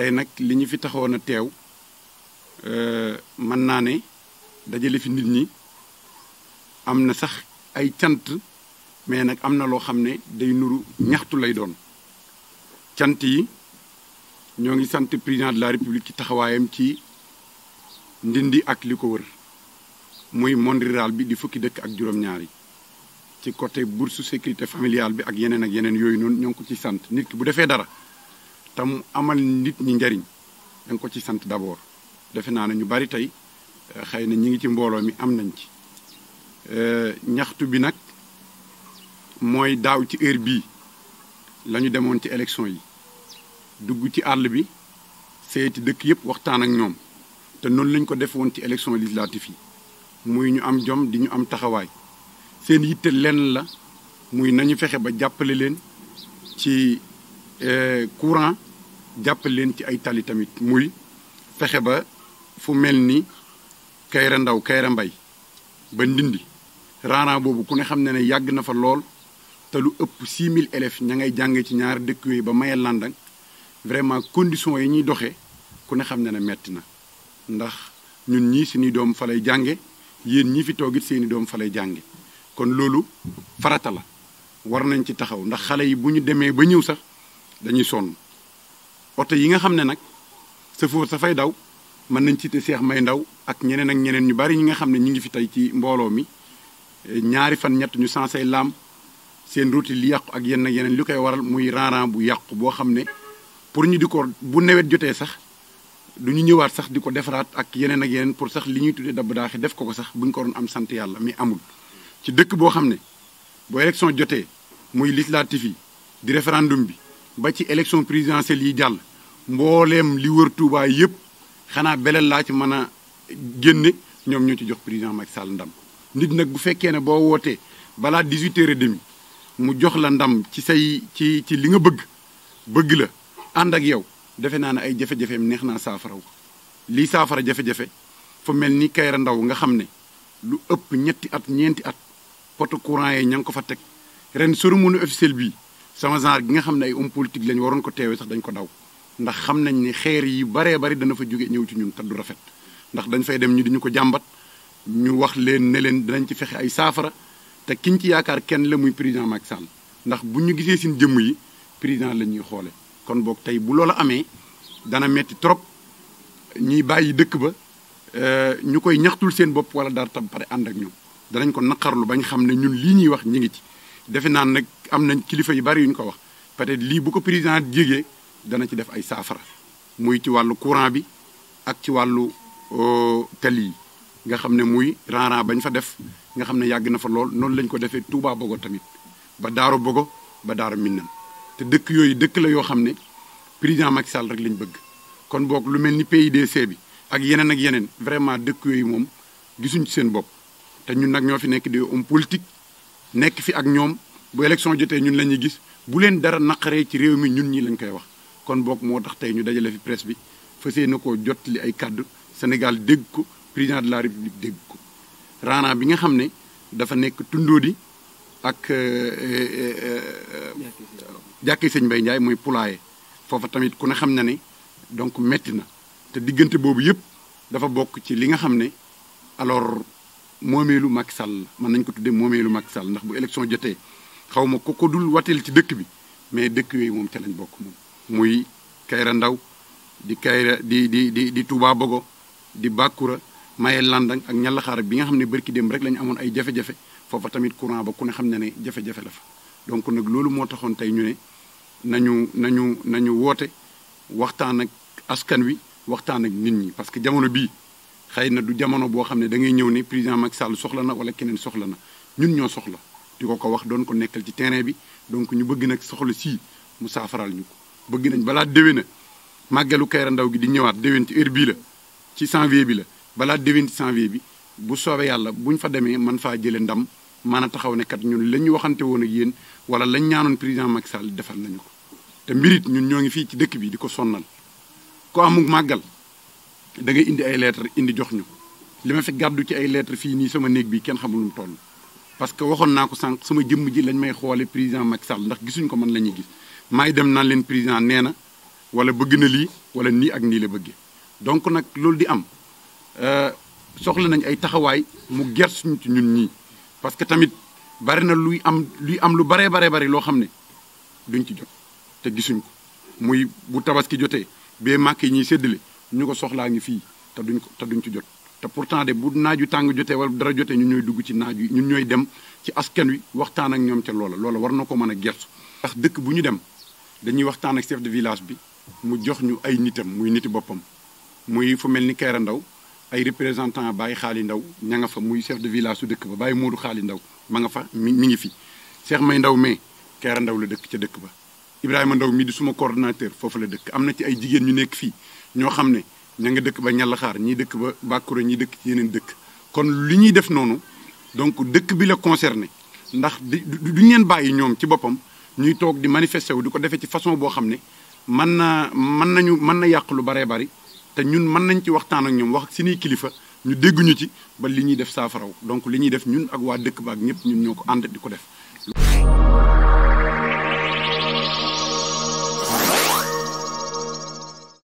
tey nag li ñu fi taxoon a teew mën naa ne dajale fi nit ñi am na sax ay cant mais nag am na loo xam ne day nuru ñaxtu lay doon cant yi ñoo ngi sant président de la république ci taxawaayam ci ndindi ak li ko wër muy monde rural bi di fukki dëkk ak juróom-ñaar yi ci côté bourse sécurité familiale bi ak yeneen ak yeneen yooyu noonu ñoo ngi ko ci sant nit ki bu defee dara te mu amal nit ñi njariñ da ko ci sant d'abord defe naa na ñu bari tey eh, xëy na ñi ngi ci mbooloo mi am nañ ci eh, ñaxtu bi nag mooy daaw ci heure bii lañu demoon ci élection yi dugg ci àll bi seeti dëkk yëpp waxtaan ak ñoom te noonu lañ ko def woon ci élection législative yi muy ñu am jom di ñu am taxawaay seen yitte lenn la muy nañu fexe ba jàppale leen ci Euh, courant jàppale leen ci ay tali tamit muy fexe ba fu mel ni Kayra Ndaw Kayra Mbay ba Ndindi raaraan boobu ku ne xam ne ne yàgg na fa lool te lu ëpp 6000 élèves ña ngay jàngee ci ñaari dëkk yooyu ba mayal landang vraiment conditions yi ñuy doxee ku ne xam ne ne metti na ndax ñun ñii suñuy doom fa lay jànge yéen ñi fi toogit seeni doom fa lay jànge kon loolu farata la war nañ ci taxaw ndax xale yi bu ñu demee ba ñëw sax dañuy sonn oto yi nga xam ne nag sëfoor sa fay daw mën nañ cité Cheikh May Ndaw ak ñeneen ak ñeneen ñu bari ñi nga xam ne ñu ngi fi tey ci mbooloo mi ñaari fan ñett ñu sansay laam seen route li yàqu ak yenn ak yeneen li koy waral muy ranran bu yàqu boo xam ne pour ñu di ko bu nawet jotee sax du ñu ñëwaat sax di ko defaraat ak yeneen ak yeneen pour sax li ñuy tuddee dabb daaxe def ko ko sax bu ñu ko doon am sant yàlla mi amul ci dëkk boo xam ne boo élection jotee muy législatif yi di référendum bi ba ci élection présidentielle yi jàll mbooleem li wër tuubaay yëpp xanaa beleel laa ci mën a génne ñoom ñoo ci jox président Macky Sall ndam nit nag bu fekkee ne boo wootee balaa 18 heures et mu jox la ndam ci say ci ci li nga bëgg bëgg la ànd ak yow defe naa ne ay jafe-jafeem neex naa saafara ko lii saafara jafe-jafe fa mel ni Kayra Ndaw nga xam ne lu ëpp ñetti at ñeenti at poto courant yi ña ngi ko fa teg ren cérémonie officielle bii sama genre gi nga xam ne ay homme politique lañ waroon ko teewee sax dañ ko daw ndax xam nañ ni xeer yi baree bari dana fa jóge ñëw ci ñun te du rafet ndax dañ fay dem ñu di ñu ko jàmbat ñu wax leen ne leen dinañ ci fexe ay saafara te kiñ ci yaakaar kenn la muy président Macky Sall ndax bu ñu gisee seen jëmm yi président la ñuy xoole kon boog tey bu loolu amee dana metti trop ñuy bàyyi dëkk ba euh, ñu koy ñaxtul seen bopp wala dara tam pare ànd ak ñoom danañ ko naqarlu bañ xam ne ñun lii ñuy wax ñi ngi ci defe naan nag am nañ kilifa yu bari yu ñu ko wax peut-être lii bu ko président jégee dana ci def ay saafara muy ci wàllu courant bi ak ci wàllu euh, tali yi nga xam ne muy rang bañ fa def nga xam ne yàgg na fa lool noonu lañ ko defee Touba Bogo tamit ba Daaro Bogo ba Daaro Minam te dëkk yooyu dëkk la yoo xam ne président Macky Sall rek lañ bëgg kon boog lu mel ni PIDC bi ak yeneen ak yeneen vraiment dëkk yooyu moom gisuñ ci seen bopp te ñun nag ñoo fi nekk di homme politique nekk fi ak ñoom bu élection jotee ñun la ñuy gis bu leen dara naqaree ci réew mi ñun ñi lañ koy wax kon bokk moo tax tey ñu dajale fi presse bi fas yéene koo jot li ay kàddu Sénégal dégg ko président de la République dégg ko raana bi nga xam ne dafa nekk di ak jàkki sëñ mbay Ndiaye mooy Poulaye foofa tamit ku ne xam na ne donc metti na te diggante boobu yëpp dafa bokk ci li nga xam ne alors moomeelu Macky Sall la mën nañu ko tuddee moomeelu Macky Sall ndax bu élection jotee xaw ma ko ko dul wateel ci dëkk bi mais dëkk yooyu moom ca lañ bokk moom. muy Kayra Ndaw di Kayra di di di di Touba Bogo di Bakura Maye Landang ak ñallaxaar bi nga xam ne barki dem rek lañu amoon ay jafe-jafe foofa tamit courant ba ku ne xam ne ne jafe-jafe la fa. donc nag loolu moo taxoon tey ñu ne nañu nañu nañu woote waxtaan ak askan wi waxtaan ak nit ñi parce que jamono bii. xëy na du jamono boo xam ne da ngay ñëw ni prisident Macky soxla na wala keneen soxla na ñun ñoo soxla di ko ko wax doon ko nekkal ci terrain bi donc ñu bëgg nag soxla sii mu saafaral ñu ko bëgg nañ balaa déwén a màggalu Kaïré Ndaw gi di ñëwaat déwén ci heure bii la ci janvier bi la balaa déwén ci janvier bi bu soobee yàlla buñ fa demee man faa jëlee ndam man a taxaw nekkat ñu ñun lañ waxante woon ak yéen wala lañ ñaanoon président Macky Sall defal nañu ko te mbirit ñun ñoo ngi fii ci dëkk bi di ko sonnal ko amug da ngay indi ay lettre indi jox ñu li ma fi gàddu ci ay lettre fii nii sama néeg bi kenn xamul lu mu parce que waxoon naa ko sànq sama jëmm ji lañ may xoole président Macky Sall ndax gisuñ ko man la ñuy gis maay dem naan leen président nee na wala bëgg na lii wala nii ak nii la bëggee donc nag loolu di am euh, soxla nañ ay taxawaay mu gert suñu ci ñun ñii parce que tamit bari na luy am luy am lu baree baree bari loo xam ne duñ ci jot te gisuñ ko muy bu tabaski jotee bee màkk yi ñuy séddale ñu ko soxlaa ngi fii te duñ ko te duñ ci jot te pourtant de bu naaj naaju tàng jotee wala dara jotee ñu ñooy dugg ci naaj naaju ñun ñooy dem ci askan wi waxtaan ak ñoom ca loola loola war na ko mën a gertu ndax dëkk bu ñu dem dañuy waxtaan ak chef de village bi mu jox ñu ay nitam muy niti boppam muy fu mel ni Kayra Ndaw ay représentant Baye Xaali Ndaw ña nga fa muy chef de village su dëkk ba bàyyi Moodu Xaali Ndaw ma nga fa mi mi ngi fi Cheikh May Ndaw mais Kayra Ndaw la dëkk ca dëkk ba Ibrahima Ndaw mii di suma coordonnateur foofu la dëkk am na ci ay jigéen ñu nekk fii ñoo xam ne ña nga dëkk ba ñallaxaar ñii dëkk ba Bakura ñii dëkk ci yeneen dëkk kon li ñuy def noonu donc dëkk bi la concerné ndax di duñu leen bàyyi ñoom ci boppam ñuy toog di manifester wu di ko defee ci façon boo xam ne mën na mën nañu mën na yàq lu baree bari te ñun mën nañ ci waxtaan ak ñoom wax ak suñuy kilifa ñu dégguñu ci ba li ñuy def saafaraw donc li ñuy def ñun ak waa dëkk ba ak ñëpp ñun ñoo ko ànd di ko def